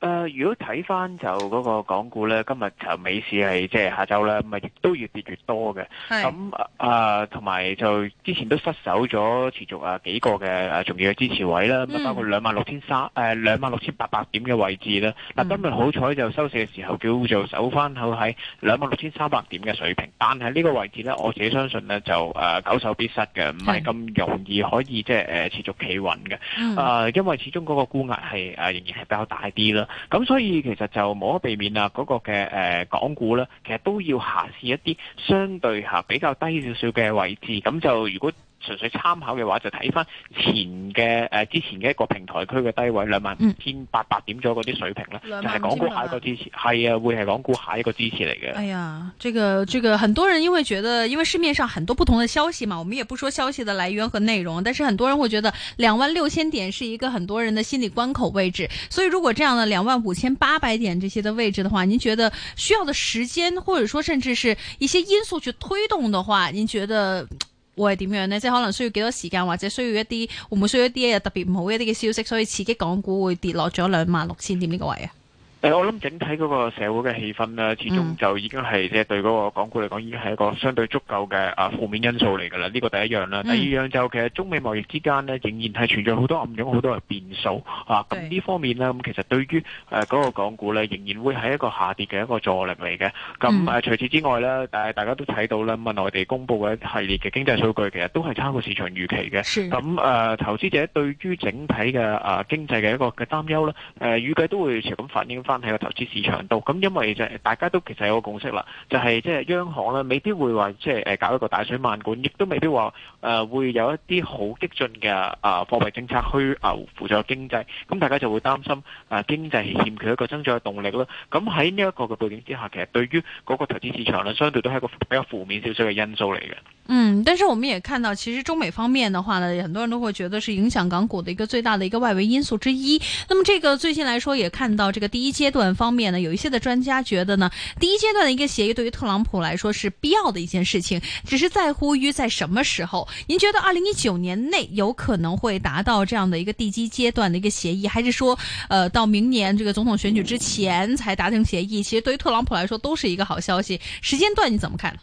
誒，如果睇翻就嗰個港股咧，今日就美市係即係下晝咧，咪亦都越跌越多嘅。咁誒同埋就之前都失守咗持續誒幾個嘅誒重要嘅支持位啦，咁啊包括兩萬六千三誒兩萬六千八百點嘅位置咧。嗱今日好彩就收市嘅時候叫做守翻到喺兩萬六千三百點嘅水平，但係呢個位置咧，我自己相信咧就誒久守必失嘅，唔係咁容易可以即係誒持續企穩嘅。誒，因為始終嗰個沽壓係誒仍然係比較大啲啦。咁所以其實就冇可避免啦，嗰個嘅誒港股咧，其實都要下試一啲相對下比較低少少嘅位置，咁就如果。純粹參考嘅話，就睇翻前嘅誒、呃、之前嘅一個平台區嘅低位兩萬五千八百點左右嗰啲水平啦、嗯、就係港股下一個支持，係、嗯、啊，會係港股下一個支持嚟嘅。哎呀，這個這個，很多人因為覺得，因為市面上很多不同的消息嘛，我們也不說消息的來源和內容，但是很多人會覺得兩萬六千點是一個很多人的心理關口位置，所以如果這樣的兩萬五千八百點這些的位置的話，您覺得需要的時間，或者說甚至是一些因素去推動的話，您覺得？會係點樣呢？即係可能需要幾多時間，或者需要一啲會唔會需要一啲特別唔好一啲嘅消息，所以刺激港股會跌落咗兩萬六千點呢個位啊？誒，我諗整體嗰個社會嘅氣氛咧，始終就已經係即係對嗰個港股嚟講，已經係一個相對足夠嘅啊負面因素嚟㗎啦。呢個第一樣啦。第二樣就其實中美貿易之間咧，仍然係存在好多暗湧好多嘅變數啊。咁呢方面咧，咁其實對於誒嗰個港股咧，仍然會係一個下跌嘅一個助力嚟嘅。咁誒除此之外咧，誒大家都睇到咧，問內地公布嘅一系列嘅經濟數據，其實都係差過市場預期嘅。咁誒，投資者對於整體嘅啊經濟嘅一個嘅擔憂咧，誒預計都會遲咁反映翻。喺個投資市場度，咁因為就大家都其實有個共識啦，就係即係央行咧未必會話即係誒搞一個大水漫灌，亦都未必話誒會有一啲好激進嘅誒貨幣政策去浮輔助經濟，咁大家就會擔心誒經濟欠缺一個增長嘅動力咯。咁喺呢一個嘅背景之下，其實對於嗰個投資市場呢，相對都係一個比較負面少少嘅因素嚟嘅。嗯，但是我們也看到，其實中美方面嘅話呢，很多人都會覺得是影響港股嘅一個最大嘅一個外圍因素之一。那麼，這個最近來說，也看到這個第一件。階段方面呢，有一些的專家覺得呢，第一階段的一個協議對於特朗普來說是必要的一件事情，只是在乎於在什麼時候。您覺得二零一九年內有可能會達到這樣的一個地基階段的一個協議，還是說，呃，到明年這個總統選舉之前才達成協議？其實對於特朗普來說都是一個好消息。時間段你怎麼看？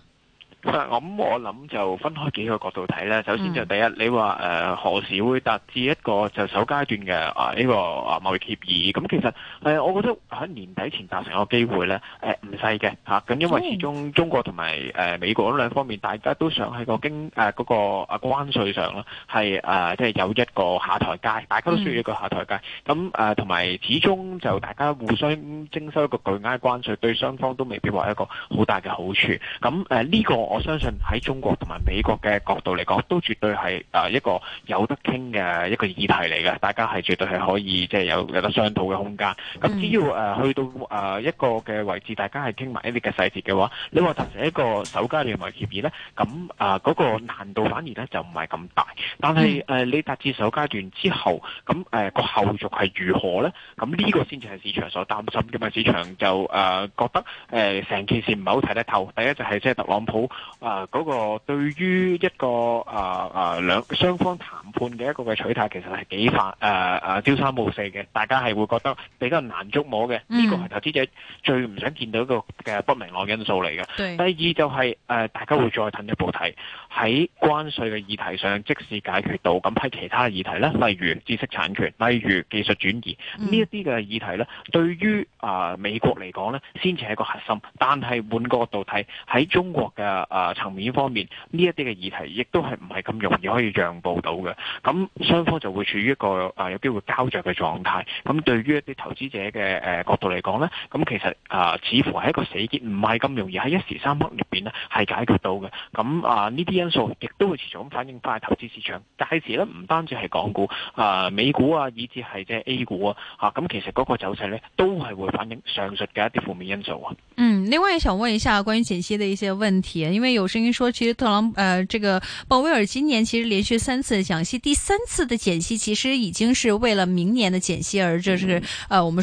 咁、嗯、我諗就分開幾個角度睇咧。首先就第一，你話誒何時會達至一個就首階段嘅啊呢個啊貿易協議？咁其實。誒、呃，我覺得喺年底前達成一個機會咧，誒唔細嘅嚇。咁、啊、因為始終中國同埋誒美國嗰兩方面，大家都想喺個經誒嗰個啊關稅上啦，係誒即係有一個下台階，大家都需要一個下台階。咁誒同埋始終就大家互相徵收一個巨額關稅，對雙方都未必話一個好大嘅好處。咁誒呢個我相信喺中國同埋美國嘅角度嚟講，都絕對係誒、呃、一個有得傾嘅一個議題嚟嘅。大家係絕對係可以即係、就是、有有得商討嘅空間。咁只要誒去到誒一個嘅位置，大家係傾埋一啲嘅細節嘅話，你話達成一個首階段嘅協議咧，咁啊嗰個難度反而咧就唔係咁大。但係誒你達至首階段之後，咁誒個後續係如何咧？咁呢個先至係市場所擔心嘅嘛。市場就誒覺得誒成件事唔係好睇得透。第一就係即係特朗普啊嗰個對於一個啊啊兩雙方談判嘅一個嘅取態，其實係幾反誒誒朝三暮四嘅，大家係會覺得比較難捉摸嘅，呢個係投資者最唔想見到一個嘅不明朗因素嚟嘅。對第二就係、是、誒、呃，大家會再進一步睇喺關稅嘅議題上，即使解決到咁，喺其他議題咧，例如知識產權，例如技術轉移呢一啲嘅議題咧，對於啊、呃、美國嚟講咧，先至係一個核心。但係換個角度睇喺中國嘅啊、呃、層面方面，呢一啲嘅議題亦都係唔係咁容易可以讓步到嘅。咁雙方就會處於一個啊、呃、有機會膠着嘅狀態，咁對於一啲投資。者嘅誒角度嚟講呢，咁其實啊，似乎係一個死結，唔係咁容易喺一時三刻入邊咧係解決到嘅。咁啊，呢啲因素亦都會持續咁反映翻喺投資市場。屆時呢，唔單止係港股啊、美股啊，以至係即係 A 股啊，嚇咁其實嗰個走勢呢，都係會反映上述嘅一啲負面因素啊。嗯，另外想問一下關於減息的一些問題，因為有聲音說，其實特朗普誒、呃，這個鮑威爾今年其實連續三次減息，第三次的減息其實已經係為了明年的減息而，就是誒我們。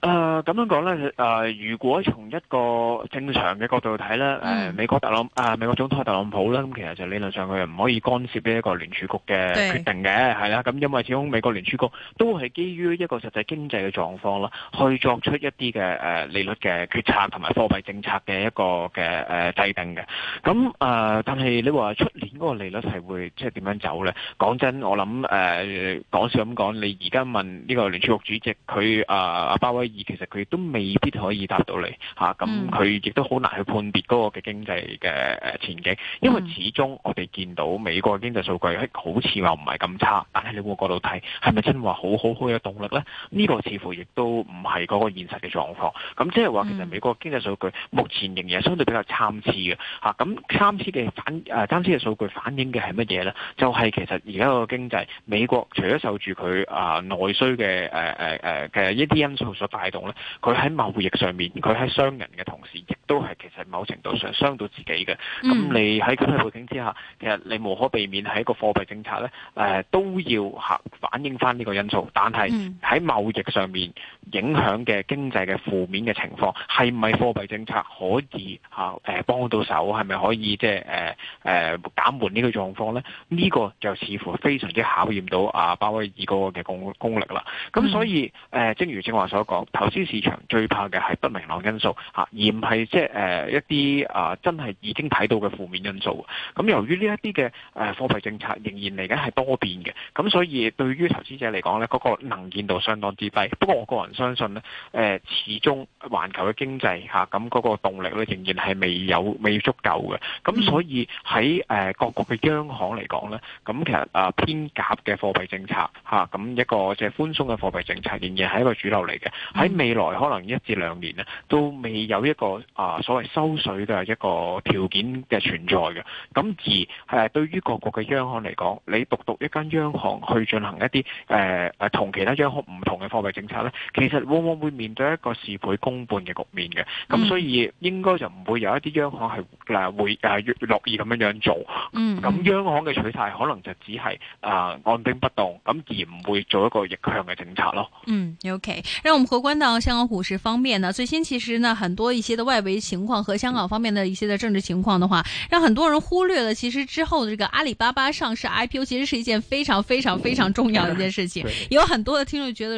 誒咁樣講咧，誒如果從一個正常嘅角度睇咧，誒美國特朗啊，美國總統係特朗普啦，咁其實就理論上佢又唔可以干涉呢一個聯儲局嘅決定嘅，係啦，咁因為始終美國聯儲局都係基於一個實際經濟嘅狀況啦，去作出一啲嘅誒利率嘅決策同埋貨幣政策嘅一個嘅誒制定嘅。咁誒，但係你話出年嗰個利率係會即係點樣走咧？講真，我諗誒講笑咁講，你而家問呢個聯儲局主席佢誒阿鮑威。其實佢亦都未必可以達到你嚇，咁佢亦都好難去判別嗰個嘅經濟嘅誒前景，因為始終我哋見到美國嘅經濟數據係好似話唔係咁差，但係你換角度睇，係咪真話好好好有動力呢？呢、這個似乎亦都唔係嗰個現實嘅狀況。咁即係話其實美國嘅經濟數據目前仍然係相對比較參差嘅嚇。咁參差嘅反誒參差嘅數據反映嘅係乜嘢呢？就係、是、其實而家個經濟美國除咗受住佢啊內需嘅誒誒誒嘅一啲因素所。帶動咧，佢喺貿易上面，佢喺商人嘅同時。都係其實某程度上傷到自己嘅。咁你喺咁嘅背景之下，其實你無可避免喺一個貨幣政策咧，誒、呃、都要嚇反映翻呢個因素。但係喺貿易上面影響嘅經濟嘅負面嘅情況，係咪貨幣政策可以嚇誒幫到手？係咪可以即係誒誒減緩個狀況呢個狀況咧？呢、這個就似乎非常之考驗到阿、啊、巴威二哥嘅功功力啦。咁所以誒、呃，正如正話所講，投資市場最怕嘅係不明朗因素嚇，而唔係即係誒一啲啊、呃，真係已經睇到嘅負面因素。咁、嗯、由於呢一啲嘅誒貨幣政策仍然嚟緊係多變嘅，咁所以對於投資者嚟講咧，嗰、那個能見度相當之低。不過我個人相信咧，誒、呃、始終環球嘅經濟嚇咁嗰個動力咧仍然係未有未足夠嘅。咁所以喺誒、呃、各國嘅央行嚟講咧，咁其實啊、呃、偏鴿嘅貨幣政策嚇咁、啊、一個即係寬鬆嘅貨幣政策仍然係一個主流嚟嘅。喺未來可能一至兩年咧都未有一個啊。呃啊，所謂收水嘅一個條件嘅存在嘅，咁而係對於各國嘅央行嚟講，你獨獨一間央行去進行一啲誒誒，同、呃、其他央行唔同嘅貨幣政策呢，其實往往會面對一個事倍功半嘅局面嘅，咁所以應該就唔會有一啲央行係嗱會樂意咁樣樣做，嗯，咁、嗯、央行嘅取態可能就只係、呃、按兵不動，咁而唔會做一個逆向嘅政策咯。嗯，OK，讓我們回觀到香港股市方面呢，呢最新其實呢很多一些的外圍情況和香港方面的一些嘅政治情況的話，讓很多人忽略了其實之後的這個阿里巴巴上市 IPO，其實是一件非常非常非常重要嘅一件事情，哦、有很多的聽眾覺得。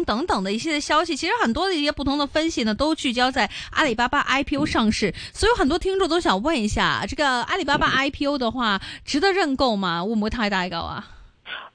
等等的一些消息，其實很多的一些不同的分析呢，都聚焦在阿里巴巴 IPO 上市，嗯、所以很多聽眾都想問一下，這個阿里巴巴 IPO 的話，值得認購嗎？會唔會太大嚿啊、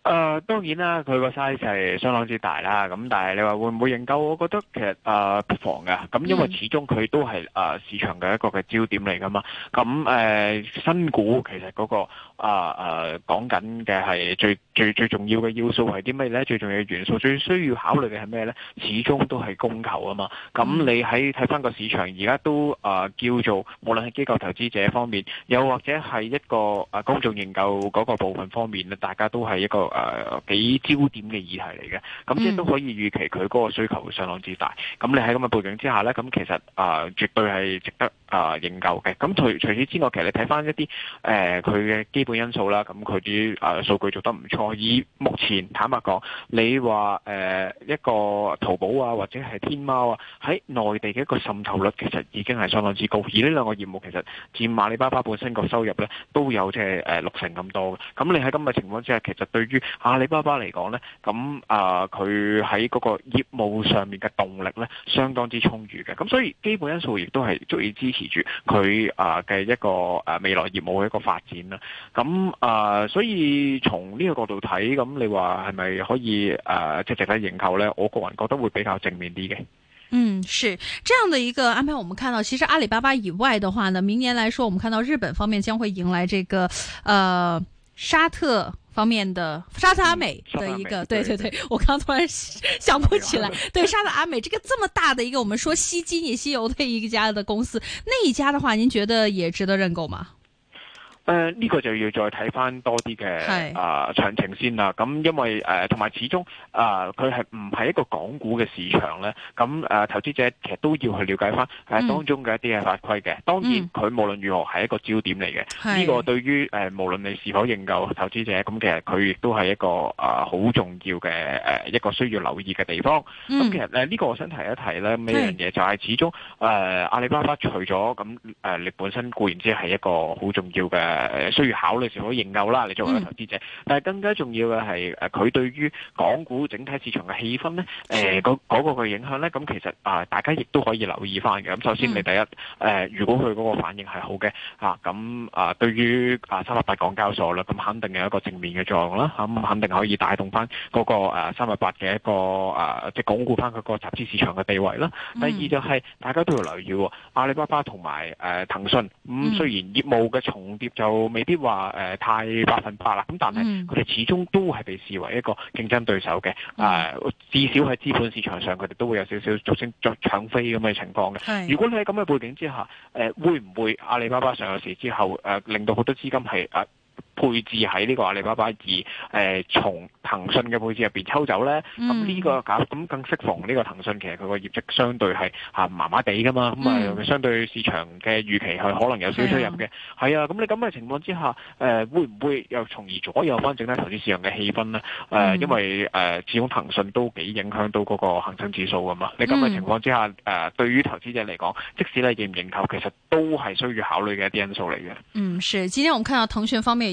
呃？當然啦，佢個 size 係相當之大啦，咁但係你話會唔會認購？我覺得其實、呃、不妨嘅，咁因為始終佢都係市場嘅一個嘅焦點嚟噶嘛，咁誒、呃、新股其實嗰、那個。啊啊，講緊嘅係最最最重要嘅要素係啲咩咧？最重要嘅元素，最需要考慮嘅係咩咧？始終都係供求啊嘛。咁你喺睇翻個市場，而家都啊叫做，無論係機構投資者方面，又或者係一個啊公眾研究嗰個部分方面咧，大家都係一個誒、啊、幾焦點嘅議題嚟嘅。咁即係都可以預期佢嗰個需求會相當之大。咁你喺咁嘅背景之下咧，咁其實啊絕對係值得啊研究嘅。咁除除此之外，其實你睇翻一啲誒佢嘅基本因素啦，咁佢啲誒數據做得唔錯。以目前坦白講，你話誒、呃、一個淘寶啊，或者係天貓啊，喺內地嘅一個滲透率其實已經係相當之高。而呢兩個業務其實佔阿里巴巴本身個收入咧都有即係誒六成咁多嘅。咁你喺咁嘅情況之下，其實對於阿里巴巴嚟講咧，咁啊佢喺嗰個業務上面嘅動力咧相當之充裕嘅。咁所以基本因素亦都係足以支持住佢啊嘅一個誒未來業務嘅一個發展啦。咁啊，所以從呢個角度睇，咁你話係咪可以誒，即係值得認購呢？我個人覺得會比較正面啲嘅。嗯，是這樣的一個安排，我們看到其實阿里巴巴以外的話呢，明年來說，我們看到日本方面將會迎來這個，呃，沙特方面的沙特阿美的一個，對對對，對我剛剛突然想不起來，對沙特阿美， 沙特阿美這個這麼大的一個，我們說吸金也吸油的一家的公司，那一家的話，您覺得也值得認購嗎？誒呢、呃這個就要再睇翻多啲嘅啊詳情先啦。咁因為誒同埋始終啊，佢係唔係一個港股嘅市場咧？咁、呃、誒投資者其實都要去了解翻誒、呃、當中嘅一啲嘅法規嘅。當然佢、嗯、無論如何係一個焦點嚟嘅。呢、嗯、個對於誒、呃、無論你是否認購投資者，咁、呃、其實佢亦都係一個啊好、呃、重要嘅誒、呃、一個需要留意嘅地方。咁、嗯呃、其實呢、呃這個我想提一提咧呢一樣嘢，就係始終誒、呃、阿里巴巴除咗咁誒，你本身固然之係一個好重要嘅。誒需要考慮時可以認購啦，你作為個投資者。嗯、但係更加重要嘅係誒佢對於港股整體市場嘅氣氛咧，誒、呃、嗰、嗰個嘅影響咧，咁其實啊大家亦都可以留意翻嘅。咁首先你第一誒，嗯、如果佢嗰個反應係好嘅嚇，咁啊，啊對於啊三八八港交所啦，咁肯定有一個正面嘅作用啦。咁肯定可以帶動翻嗰個三八八嘅一個誒，即、啊、係、就是、鞏固翻佢個集資市場嘅地位啦。第二就係、是、大家都要留意阿里巴巴同埋誒騰訊，咁、嗯、雖然業務嘅重疊就就未必話誒、呃、太百分百啦，咁但係佢哋始終都係被視為一個競爭對手嘅，誒、嗯呃、至少喺資本市場上佢哋都會有少少俗稱作搶飛咁嘅情況嘅。的如果你喺咁嘅背景之下，呃、會唔會阿里巴巴上咗市之後，誒、呃、令到好多資金係。誒、呃？配置喺呢個阿里巴巴而誒從騰訊嘅配置入邊抽走咧，咁呢、嗯嗯這個咁更適逢呢個騰訊其實佢個業績相對係麻麻地噶嘛，咁啊、嗯嗯、相對市場嘅預期係可能有少少入嘅，係啊，咁、啊、你咁嘅情況之下，誒、呃、會唔會又從而左右翻整體投資市場嘅氣氛呢？誒、呃，嗯、因為誒、呃、始終騰訊都幾影響到嗰個恆生指數噶嘛，你咁嘅情況之下，誒、嗯呃、對於投資者嚟講，即使你認唔認購，其實都係需要考慮嘅一啲因素嚟嘅。嗯，是，今天我睇下騰訊方面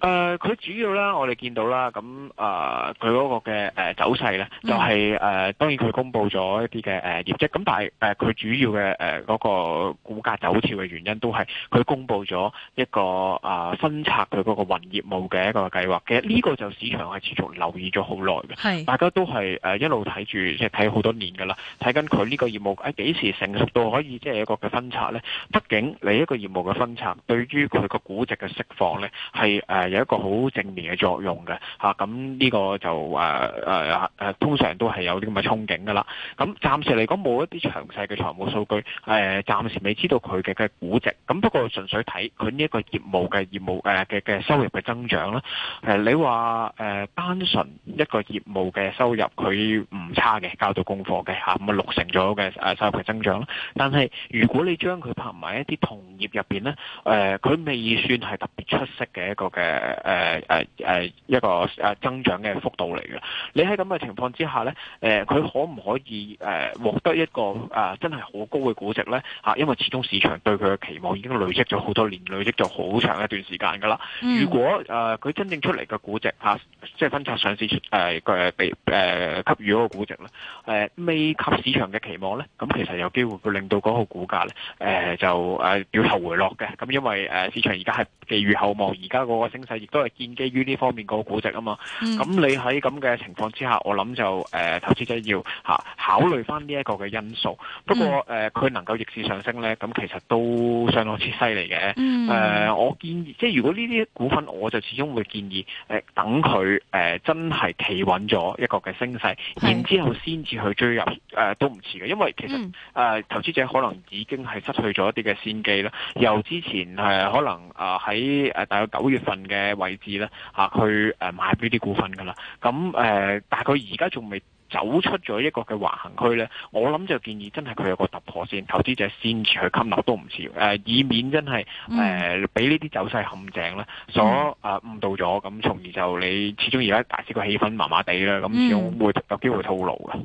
誒佢、呃、主要咧，我哋見到啦，咁誒佢嗰個嘅誒走勢咧，就係、是、誒、嗯呃、當然佢公布咗一啲嘅誒業績，咁但係誒佢主要嘅誒嗰個股價走俏嘅原因，都係佢公布咗一個啊、呃、分拆佢嗰個雲業務嘅一個計劃。其實呢個就市場係持續留意咗好耐嘅，係是大家都係誒一路睇住，即係睇好多年㗎啦，睇緊佢呢個業務喺幾、呃、時成熟到可以，即係一個嘅分拆咧。畢竟你一個業務嘅分拆，對於佢個估值嘅釋放咧，係誒。呃有一個好正面嘅作用嘅吓，咁呢個就誒誒誒，通常都係有啲咁嘅憧憬噶啦。咁暫時嚟講冇一啲詳細嘅財務數據，誒暫時未知道佢嘅嘅估值。咁不過純粹睇佢呢一個業務嘅業務誒嘅嘅收入嘅增長啦。誒，你話誒單純一個業務嘅收入佢唔差嘅，交到功課嘅吓，咁啊六成左右嘅誒收入嘅增長啦。但係如果你將佢拍埋一啲同業入邊咧，誒佢未算係特別出色嘅一個嘅。誒誒誒誒一個誒、呃、增長嘅幅度嚟嘅，你喺咁嘅情況之下咧，誒、呃、佢可唔可以誒獲、呃、得一個啊、呃、真係好高嘅估值咧？嚇、啊，因為始終市場對佢嘅期望已經累積咗好多年，累積咗好長一段時間㗎啦。嗯、如果誒佢、呃、真正出嚟嘅估值嚇、啊，即係分拆上市出誒俾誒給予嗰個估值咧，誒、呃、未及市場嘅期望咧，咁、嗯、其實有機會會令到嗰個股價咧誒就誒掉頭回落嘅。咁、嗯、因為誒、呃、市場而家係寄予厚望，而家嗰個升亦都係建基於呢方面個估值啊嘛，咁、嗯、你喺咁嘅情況之下，我諗就誒投資者要吓考慮翻呢一個嘅因素。不過誒，佢、嗯、能夠逆市上升咧，咁其實都相當之犀利嘅。誒、嗯呃，我建議，即係如果呢啲股份，我就始終會建議誒等佢誒、呃、真係企穩咗一個嘅升勢，是然之後先至去追入誒、呃、都唔遲嘅。因為其實誒、嗯呃、投資者可能已經係失去咗一啲嘅先機啦。由之前誒、呃、可能啊喺誒大概九月份嘅。嘅位置咧嚇、啊、去誒買呢啲股份噶啦，咁、嗯、誒、呃、但係佢而家仲未走出咗一個嘅橫行區咧，我諗就建議真係佢有個突破先，投資者先至去吸納都唔少，誒、呃，以免真係誒俾呢啲走勢陷阱咧所誒誤導咗，咁從而就你始終而家大市個氣氛麻麻地啦，咁所以會有機會套牢嘅。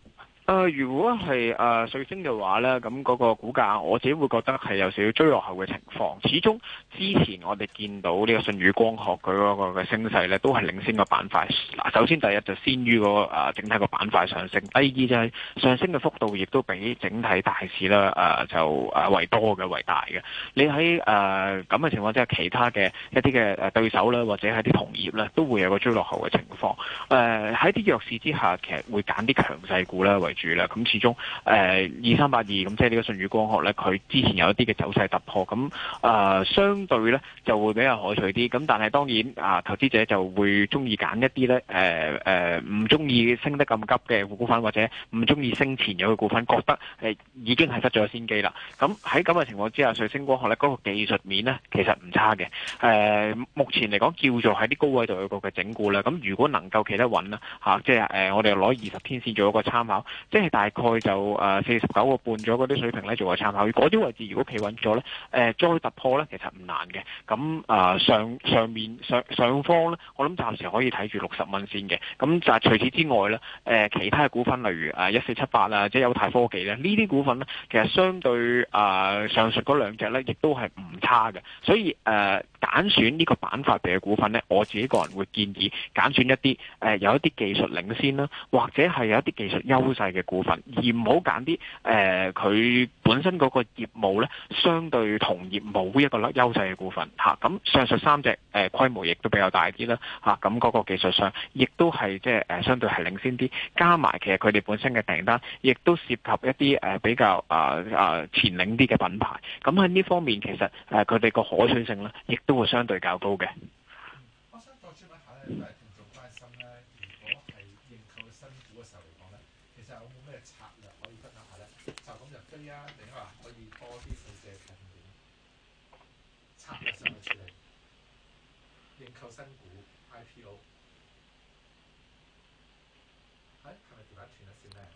誒、呃，如果係誒瑞聲嘅話咧，咁嗰個股價我自己會覺得係有少少追落後嘅情況。始終之前我哋見到呢個舜宇光學佢嗰個嘅升勢咧，都係領先個板塊。嗱，首先第一就先於個誒整體個板塊上升，第二就係上升嘅幅度亦都比整體大市啦誒、呃、就誒為多嘅為大嘅。你喺誒咁嘅情況之下，其他嘅一啲嘅誒對手啦，或者係啲同業咧，都會有個追落後嘅情況。誒喺啲弱市之下，其實會揀啲強勢股啦。住啦，咁始終誒二三八二咁，呃、82，即係呢個舜宇光學咧，佢之前有一啲嘅走勢突破，咁、呃、啊相對咧就會比較可取啲。咁但係當然啊，投資者就會鍾意揀一啲咧誒唔鍾意升得咁急嘅股份，或者唔鍾意升前嘅股份，覺得、呃、已經係失咗先機啦。咁喺咁嘅情況之下，舜宇光學咧嗰、那個技術面咧其實唔差嘅。誒、呃、目前嚟講叫做喺啲高位度有個嘅整固啦。咁、呃、如果能夠企得穩啦、啊、即係、呃、我哋攞二十天線做一個參考。即係大概就誒四十九個半左右嗰啲水平咧做個參考，如果啲位置如果企穩咗咧，誒、呃、再突破咧其實唔難嘅。咁誒、呃、上上面上上方咧，我諗暫時可以睇住六十蚊先嘅。咁就除此之外咧，誒、呃、其他嘅股份例如誒一四七八啊，即係丘鈦科技咧，呢啲股份咧其實相對誒、呃、上述嗰兩隻咧，亦都係唔差嘅。所以誒揀、呃、選呢個板塊嘅股份咧，我自己個人會建議揀選，選一啲誒、呃、有一啲技術領先啦，或者係有一啲技術優勢。嘅股份，而唔好揀啲誒，佢、呃、本身嗰個業務咧相對同業務一個咧優勢嘅股份吓，咁、啊、上述三隻誒規模亦都比較大啲啦吓，咁、啊、嗰個技術上亦都係即係誒相對係領先啲，加埋其實佢哋本身嘅訂單亦都涉及一啲誒、呃、比較啊啊、呃呃、前領啲嘅品牌，咁喺呢方面其實誒佢哋個可取性咧亦都會相對較高嘅。嗯我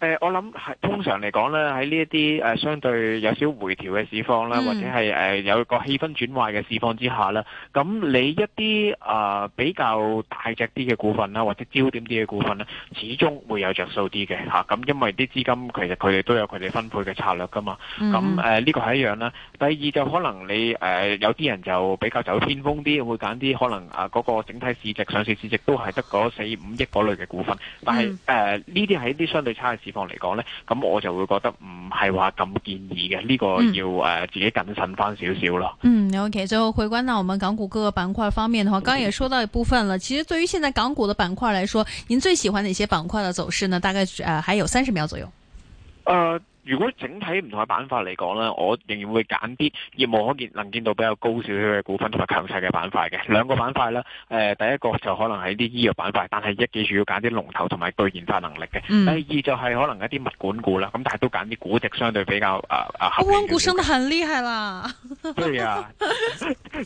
誒、呃，我諗係通常嚟講咧，喺呢一啲誒相對有少回調嘅市況啦，嗯、或者係誒、呃、有個氣氛轉壞嘅市況之下啦，咁你一啲誒、呃、比較大隻啲嘅股份啦，或者焦點啲嘅股份咧，始終會有着數啲嘅嚇。咁、啊、因為啲資金其實佢哋都有佢哋分配嘅策略㗎嘛。咁誒呢個係一樣啦。第二就可能你誒、呃、有啲人就比較走偏鋒啲，會揀啲可能啊嗰、呃嗰個整體市值上市市值都係得嗰四五億嗰類嘅股份，但係誒呢啲係一啲相對差嘅市方嚟講，咁我就會覺得唔係話咁建議嘅，呢個要誒自己謹慎翻少少咯。嗯，okay，最後回關到我們港股各個板塊方面的話，剛剛也說到一部分了。其實對於現在港股的板塊來說，您最喜歡哪些板塊的走勢呢？大概誒還有三十秒左右。呃。如果整體唔同嘅板塊嚟講咧，我仍然會揀啲業務可見能見到比較高少少嘅股份同埋強勢嘅板塊嘅。兩個板塊呢，誒、呃，第一個就可能係啲醫藥板塊，但係一記住要揀啲龍頭同埋具研發能力嘅。嗯、第二就係可能一啲物管股啦，咁但係都揀啲估值相對比較啊啊、呃、合。物管股升得很厲害啦。對 啊，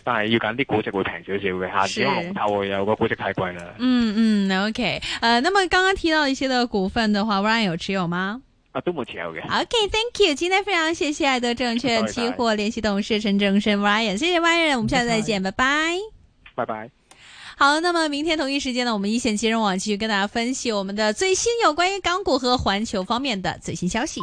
但係要揀啲估值會平少少嘅吓，如果龍頭有個估值太貴啦。嗯嗯，OK，誒、uh,，那麼剛剛提到一些嘅股份嘅話 Ryan 有持有嗎？ OK，Thank、okay, you，今天非常謝謝艾德證券期貨聯繫董事陳政深 Ryan，謝謝 Ryan，我們下次再見，拜拜。拜拜。好，那麼明天同一時間呢，我們一線金融網繼續跟大家分析我們的最新有關於港股和環球方面的最新消息。